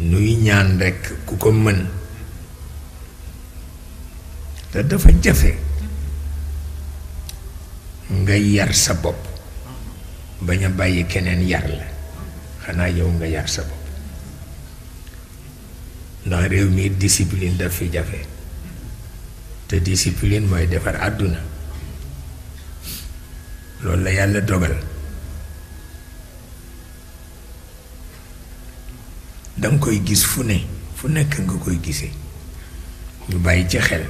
nuy ñaan rekk ku ko mën te dafa jafe nga yar sa bopp bañ a bàyyi keneen yar la xanaa yow nga yar sa bopp ndax réew mi discipline daf fi jafe te discipline mooy defar àdduna loolu la yàlla dogal danga koy gis fu ne fu nekk nga koy gisee ñu bàyyi ci xel